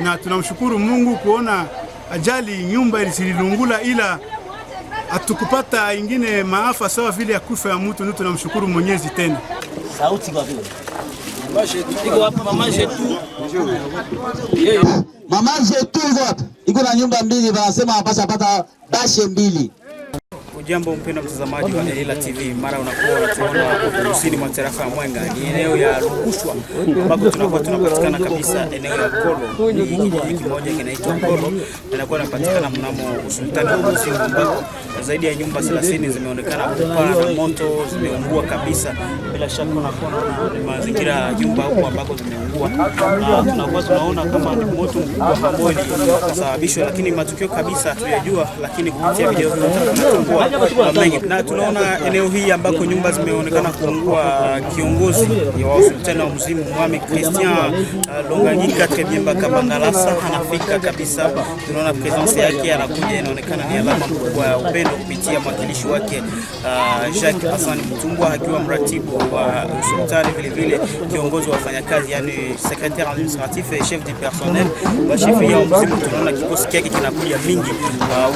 na tunamshukuru Mungu kuona ajali nyumba ililungula, ila hatukupata ingine maafa sawa vile ya kufa ya mtu. Ndio tunamshukuru Mwenyezi tena sauti kwa vile mama zetu iko na nyumba mbili, wanasema hapasha pata dashe mbili Hujambo mpendwa mtazamaji wa Elila TV, mara unakuwa unatuona kusini mwa tarafa ya Mwenga, ni eneo ya Rukushwa ambako tunakuwa tunapatikana kabisa eneo ya Kolo. Ni kijiji kimoja kinaitwa Kolo, inakuwa inapatikana mnamo usultani wa Buzingo, ambako zaidi ya nyumba 30 zimeonekana kupaa na moto, zimeungua kabisa bila shaka unakuwa mazingira ya nyumba huko ambako zimeungua, na tunakuwa tunaona kama ni moto mkubwa ambao ulisababishwa, lakini matukio kabisa hatuyajua, lakini kupitia video tunatambua mengi, na tunaona eneo hii ambako nyumba zimeonekana kuungua, kiongozi wa usultani wa Mzimu Mwami Christian uh, Longanyika Tebimba Kabangalasa anafika kabisa, tunaona presence yake, anakuja, inaonekana ni alama kubwa ya upendo kupitia mwakilishi wake uh, Jacques Hassan Mtumbwa akiwa mratibu kwa sultani, vile vile kiongozi wa wafanyakazi, yani secretaire administratif et chef du personnel wa chef ya msimu. Tunaona kikosi chake kinakuja mingi,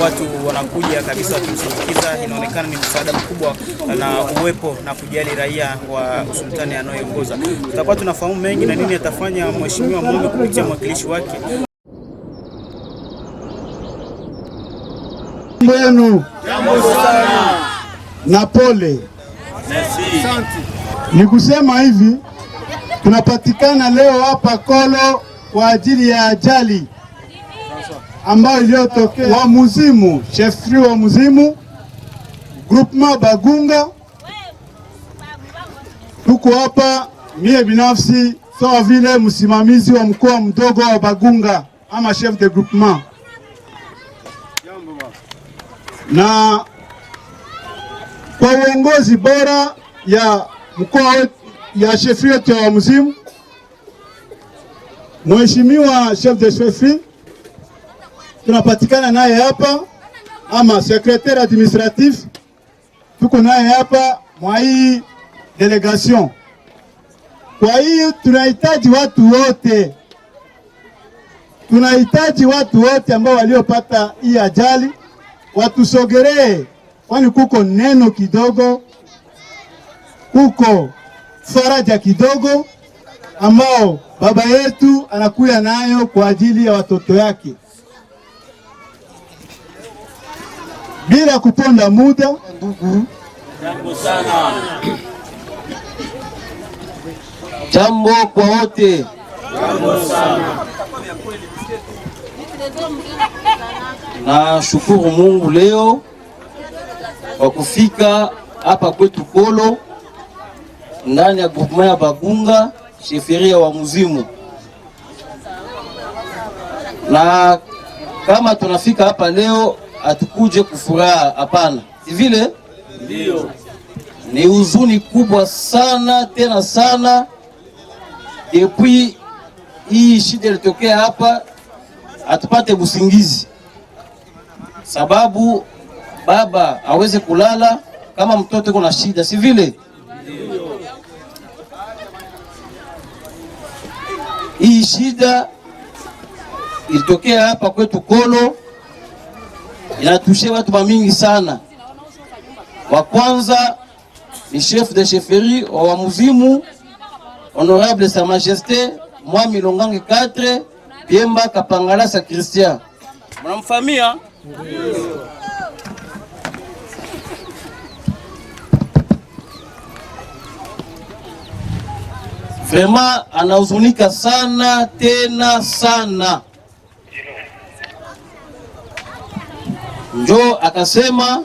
watu wanakuja kabisa wakimsindikiza. Inaonekana ni msaada mkubwa na uwepo na kujali raia wa usultani anayeongoza. Tutakuwa tunafahamu mengi na nini atafanya mheshimiwa Mwame kupitia mwakilishi wake Jambo sana na pole. Merci. Ni kusema hivi tunapatikana leo hapa Kolo kwa ajili ya ajali ambayo iliyotokea wa muzimu chefri wa muzimu groupement Bagunga. Tuko hapa mie binafsi sawa vile msimamizi wa mkoa mdogo wa Bagunga ama chef de groupement, na kwa uongozi bora ya mkoa ya shefu yetu ya Wamzimu, Mheshimiwa chef de shefi tunapatikana naye hapa, ama secretaire administratif tuko naye hapa mwa hii delegation. Kwa hiyo tunahitaji watu wote, tunahitaji watu wote ambao waliopata hii ajali watusogeree, kwani kuko neno kidogo huko faraja kidogo ambao baba yetu anakuya nayo kwa ajili ya watoto yake. Bila kuponda muda, ndugu, jambo sana, jambo kwa wote, jambo sana. Na shukuru Mungu leo kwa kufika hapa kwetu Kolo ndani ya groupement ya Bagunga sheferia wa Muzimu, na kama tunafika hapa leo hatukuje kufuraha, hapana, si vile? Ndio, ni huzuni kubwa sana tena sana. Depuis hii shida ilitokea hapa, hatupate busingizi sababu baba aweze kulala kama mtoto kuna shida, si vile? Hii shida ilitokea hapa kwetu Kolo, inatushia watu mingi sana. Wa kwanza ni chef de chefferie wa Wamuzimu, honorable sa majeste Mwami Longange 4 Piemba Kapangalasa Christian, mnamfamia Vema anahuzunika sana tena sana. Njoo akasema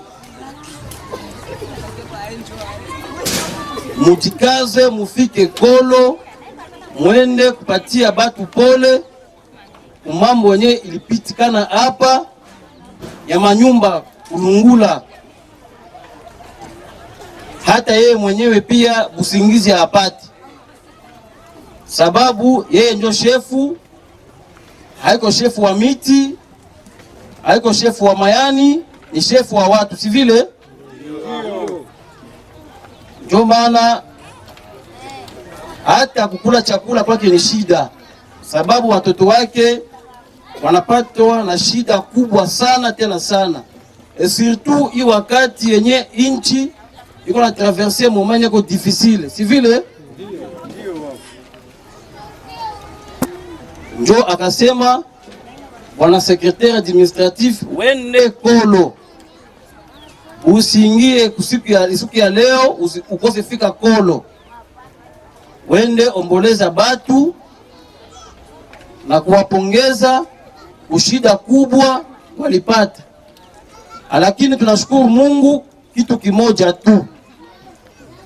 mujikaze, mufike Kolo mwende kupatia batu pole umambo wenye ilipitikana hapa ya manyumba kulungula. Hata yeye mwenyewe pia busingizi hapati sababu yeye ndio shefu, haiko shefu wa miti, haiko shefu wa mayani, ni shefu wa watu, si vile? Ndio maana hata kukula chakula kwake ni shida, sababu watoto wake wanapatwa na shida kubwa sana tena sana, et surtout hii wakati yenye inchi iko na traverser moment ko difficile, si vile? njo akasema bwana sekretari administratif, wende Kolo, usiingie siku ya leo, ukose fika Kolo, wende omboleza batu na kuwapongeza ushida kubwa walipata, lakini tunashukuru Mungu kitu kimoja tu.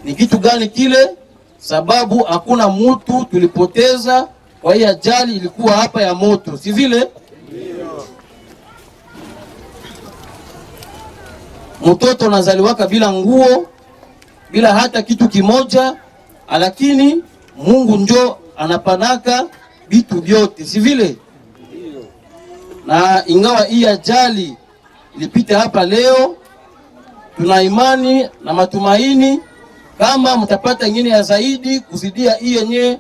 Ni kitu gani kile? Sababu hakuna mutu tulipoteza kwa hiyo ajali ilikuwa hapa ya moto, si vile? Mtoto anazaliwaka bila nguo, bila hata kitu kimoja, lakini Mungu njo anapanaka vitu vyote, si vile? Na ingawa hii ajali ilipita hapa leo, tuna imani na matumaini kama mtapata nyingine ya zaidi kuzidia hii yenyewe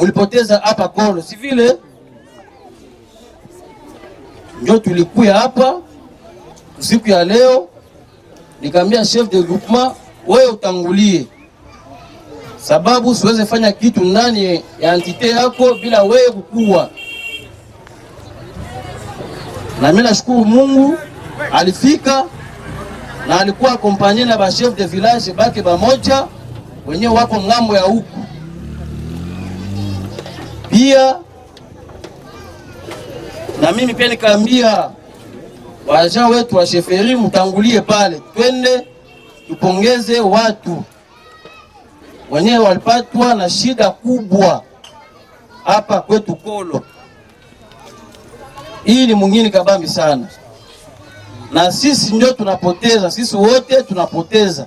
mulipoteza hapa Golo, si vile? Ndio tulikuya hapa siku ya leo, nikamwambia chef de groupement, wewe utangulie, sababu siweze fanya kitu ndani ya entite yako bila wewe kukua. Na mimi nashukuru Mungu alifika na alikuwa akompanye na ba chef de village bake bamoja wenyewe wako ngambo ya huku kukimbia, na mimi pia nikaambia waja wetu wa sheferi, mtangulie pale, twende tupongeze watu wenyewe walipatwa na shida kubwa hapa kwetu Kolo. Hii ni mwingine kabambi sana, na sisi ndio tunapoteza, sisi wote tunapoteza,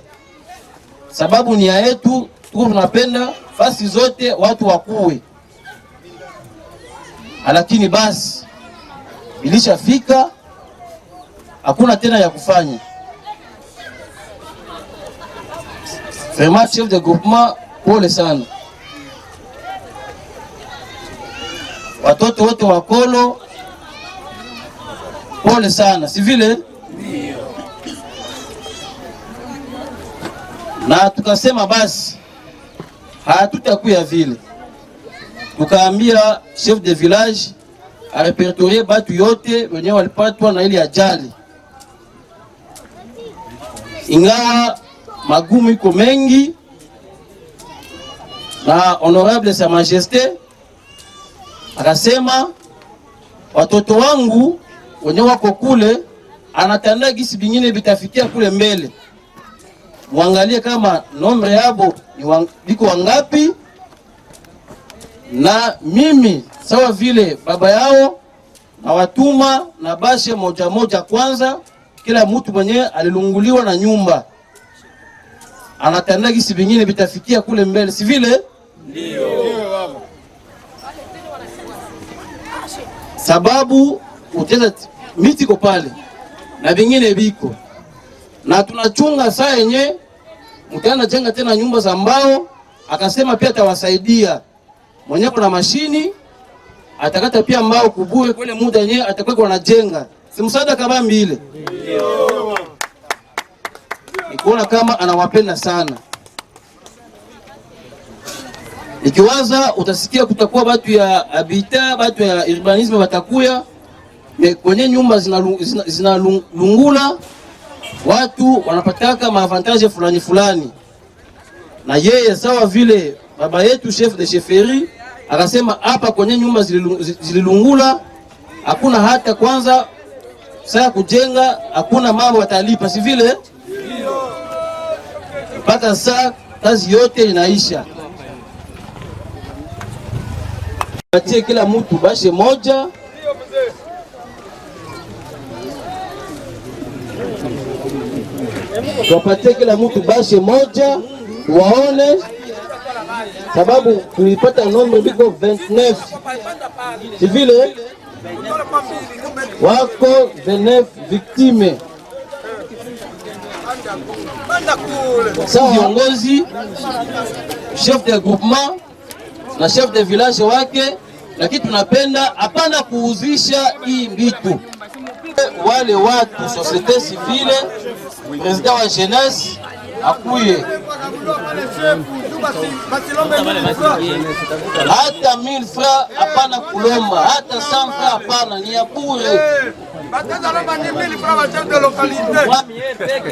sababu nia yetu tuko tunapenda fasi zote watu wakuwe lakini basi ilishafika, hakuna tena ya kufanya. Vraiment chef de groupement, pole sana watoto wote wakolo, pole sana, si vile na tukasema basi hatutakuya vile tukaambia chef de village arepertorie batu yote wenye walipatwa na ile ajali, ingawa magumu iko mengi, na honorable sa majeste akasema watoto wangu wenye wako kule anatanda gisi bingine bitafikia kule mbele, muangalie kama nombre yabo ni wang, biko wangapi na mimi sawa vile baba yao nawatuma na bashe moja moja. Kwanza kila mtu mwenyewe alilunguliwa na nyumba anatanda kisi vingine vitafikia kule mbele, si vile ndio? Sababu uteza ko pale na vingine viko na tunachunga saa yenye mtaenda jenga tena nyumba za mbao, akasema pia atawasaidia mwenye kuna mashini atakata pia mbao kubue kule muda yenyewe atakuwa kwa anajenga, si msaada kabambi ile. Nikuona kama anawapenda sana. Nikiwaza utasikia kutakuwa batu ya habita, batu ya urbanisme watakuya kwenye nyumba zinalungula, zina, watu wanapataka maavantaje fulani fulani, na yeye sawa vile baba yetu chef de cheferi akasema hapa kwenye nyumba zililungula, hakuna hata kwanza saa kujenga, hakuna mambo watalipa, si vile mpaka saa kazi yote inaisha. Patie kila mtu bashe moja wapatie kila mtu bashe moja waone sababu tulipata nombre 29 civils wako 29 victimes. chef de groupement na chef de village wake, lakini tunapenda hapana kuuzisha hii mbitu wale watu societe civile, president wa jeunesse akuye hata mil fra hapana kulomba, hata san fra hapana, ni ya bure.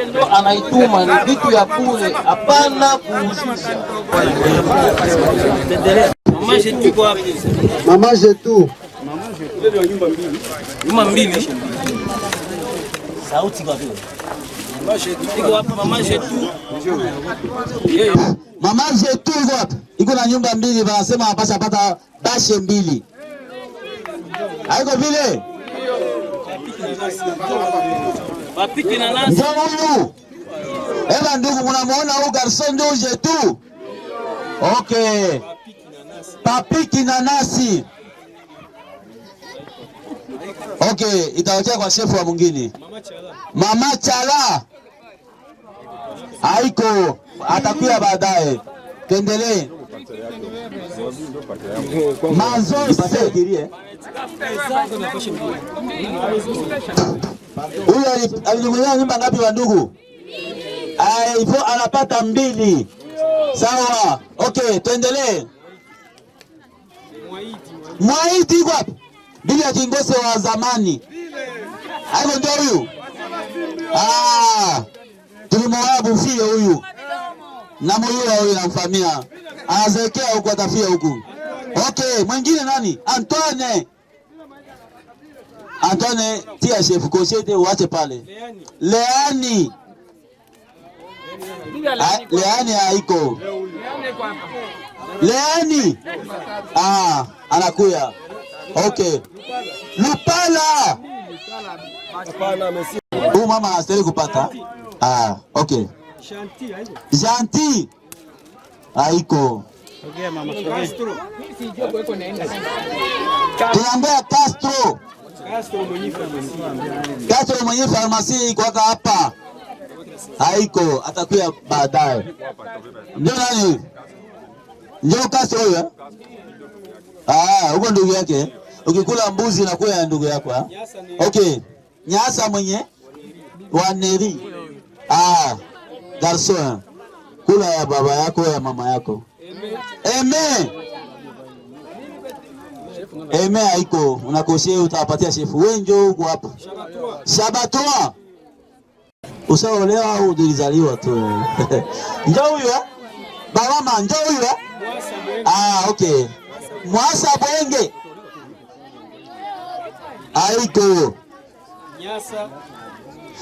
Ndo anaituma ni vitu ya bure, hapana kuuzisha. Mama nyumba mbili, sauti kwa vile Mama Zetu iko wapi? Iko na nyumba mbili, wanasema apasha pata bashe mbili, haiko vile njouu Eva ndugu, munamuona huyu garson ndio Zetu? Okay, papiki na nasi okay, itaotea kwa shefu wa mwingine Mama Chala. mama chala haiko, atakuya baadaye. tendelee mazose huyo alijivunia nyumba ngapi? Wa ndugu hivyo anapata mbili. Sawa, okay, tuendelee. Mwaiti iko hapa bili ya kingose wa zamani, aiko ndio huyu ah Tulimoabu fie huyu na muyua huyu namfamia, anazeekea huku atafia huku. Okay, mwingine nani? Antone Antone tia chef kosete uache pale. Leani Leani ah, haiko. Leani ah, anakuya. Okay. Lupala. Huyu mama hastahili kupata Ah, okay. Shanti haiko. Ah, Shanti. Haiko. Okay, mama. Castro. Tuambia Castro. Castro mwenye farmasi iko hapa. Haiko, atakuja baadaye. Ndio nani? Ndio Castro huyo? Eh? Ah, huko ndugu yake. Ukikula mbuzi inakuwa ya ndugu yako. Okay. Nyasa mwenye waneri. Ah, garson, kula ya baba yako ya mama yako. Amen. Amen haiko. Unakosea utapatia shefu. Wewe njoo huko hapa. Shabatoa. Usaolewa au ulizaliwa tu? Njoo huyo. Eh? Bawama njoo huyo. Eh? Ah, okay. Mwasa bwenge. Haiko. Nyasa.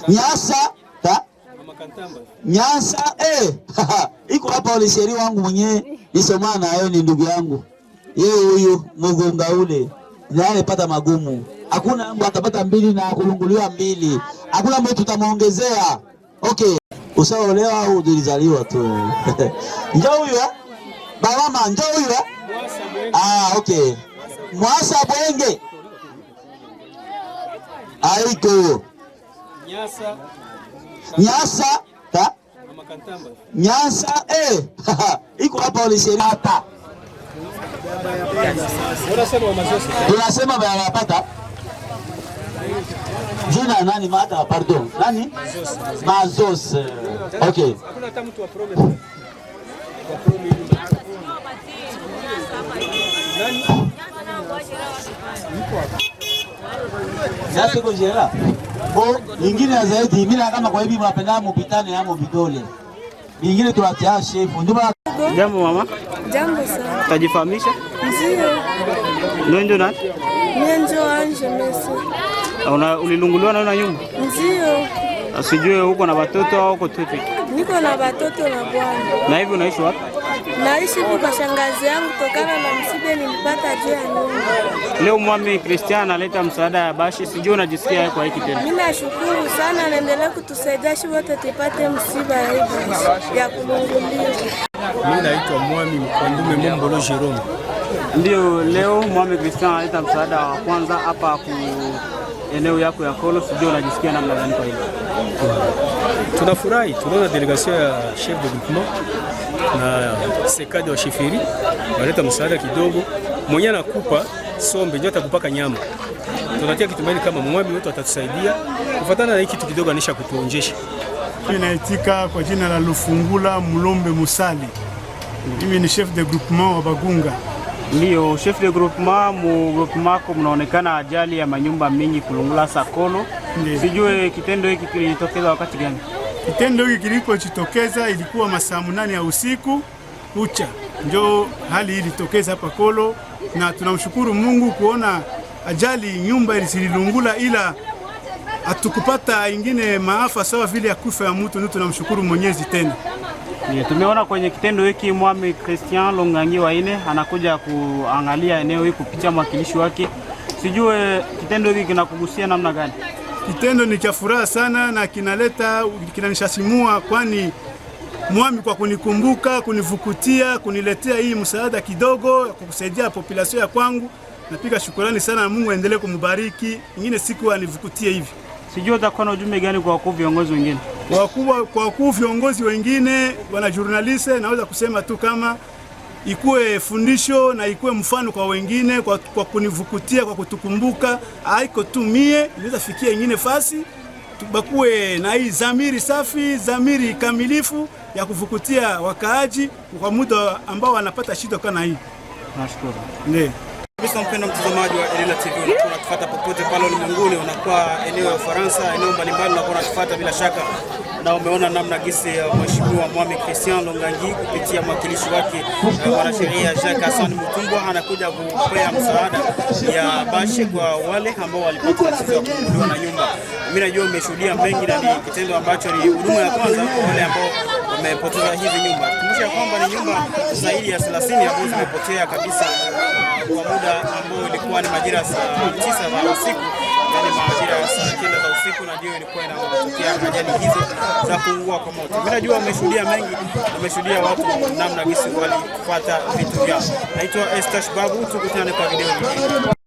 Nyasa. Nyasa eh, iko hapa olisheri wangu mwenyewe nisomana nayo, ni ndugu yangu yeye huyu mgonga ule pata magumu, hakuna mtu atapata mbili na kulunguliwa mbili, hakuna mtu tutamuongezea. Okay, usaolewa au ulizaliwa tu njoo huyu eh? bawama, njoo huyu eh? ah, okay mwasa bwenge aiko Nyasa Nyasa ta Nyasa eh, iko hapa wale sheria, tunasema bayapata jina nani mada, pardon nani Mazos. Okay, Nyasa iko jela kwa ingine ya zaidi mimi kama kwa hivi mnapenda mpitane ama vidole. Nyingine tuwachashe ah, hivyo. Ndio Jambo mama. Jambo sana. Tajifahamisha? Ndio. Ndio nani? Ndio Anje Messi. Ah, una ulilunguliwa na una nyumba? Ndio. Asijue ah, huko na watoto au uko tu? Niko na watoto na bwana. Na hivi unaishi wapi? Naishi kwa shangazi yangu tokana na msiba nilipata juu ya nyumba. Leo mwami Christian analeta msaada ya bashi, sijui unajisikia kwa hiki tena? Mimi nashukuru sana, naendelea kutusaidia shi wote tupate msiba hivi ya kumungulia. Mimi naitwa mwami Mkandume Mombolo Jerome. Ndio, leo mwami Christian analeta msaada wa kwanza hapa ku eneo yako ya Kolo, sijui unajisikia namna gani kwa hiyo? Tunafurahi tunaona delegation ya chef de groupement na sekade wa Shifiri waleta msaada kidogo, mwenye anakupa sombe ndio atakupaka nyama. Tunatia kitumaini kama mwami wetu atatusaidia kufuatana na hiki kitu kidogo, anisha kutuonjesha. naitika kwa jina la Lufungula Mulombe Musali. Mimi ni chef de groupement wa Bagunga. Ndiyo, chef de groupement mu groupement yako, mnaonekana ajali ya manyumba mingi kulungula Sakolo. Sijue kitendo hiki kilitokeza wakati gani? Kitendo hiki kilipojitokeza ilikuwa masaa munane ya usiku kucha, njo hali ilitokeza hapa Kolo, na tunamshukuru Mungu kuona ajali nyumba ililungula, ila hatukupata ingine maafa sawa vile ya kufa ya mtu. Ndio tunamshukuru Mwenyezi tena Yeah, tumeona kwenye kitendo hiki Mwami Christian Longangi Waine anakuja kuangalia eneo hili kupitia mwakilishi wake. Sijue kitendo hiki kinakugusia namna gani? Kitendo ni cha furaha sana na kinaleta kinanishasimua kwani mwami kwa kunikumbuka, kunivukutia, kuniletea hii msaada kidogo ya kukusaidia population ya kwangu. Napiga shukurani sana na Mungu aendelee kumbariki, ingine siku anivukutie hivi. Sijui utakuwa na ujumbe gani kwa wakuu viongozi wengine? Kwa wakuu viongozi wengine, wana journaliste, naweza kusema tu kama ikuwe fundisho na ikuwe mfano kwa wengine, kwa, kwa kunivukutia kwa kutukumbuka, haiko tu mie niweza fikia ingine fasi, tubakuwe na hii zamiri safi, zamiri kamilifu ya kuvukutia wakaaji kwa muda ambao wanapata shida kana hii. Nashukuru. Kabisa mpendo mtazamaji wa Elila TV, unakuwa unatufuata popote pale ulimwenguni, unakuwa eneo ya Ufaransa, eneo mbalimbali unakuwa unatufuata bila shaka, na umeona namna gisi ya uh, mheshimiwa Mwami Christian Longangi kupitia mwakilishi wake uh, mwanasheria Jacques Hassan Mutumbwa anakuja kupea msaada ya Bashe kwa wale ambao walipata tatizo ya kuunguliwa na nyumba. Mimi najua umeshuhudia mengi na ni kitendo ambacho ni huduma ya kwanza kwa wale ambao wamepoteza hizi nyumba. Kumbusha kwamba ni nyumba zaidi ya 30 ambazo zimepotea kabisa kwa muda ambao ilikuwa ni majira saa tisa za usiku yani majira ya saa kenda za usiku, na jua ilikuwa inawatokea majani hizo za kuungua kwa moto. Mimi najua umeshuhudia mengi, umeshuhudia watu namna gisi walifuata vitu vyao. Naitwa Estash Babu, tukutane kwa video nyingine.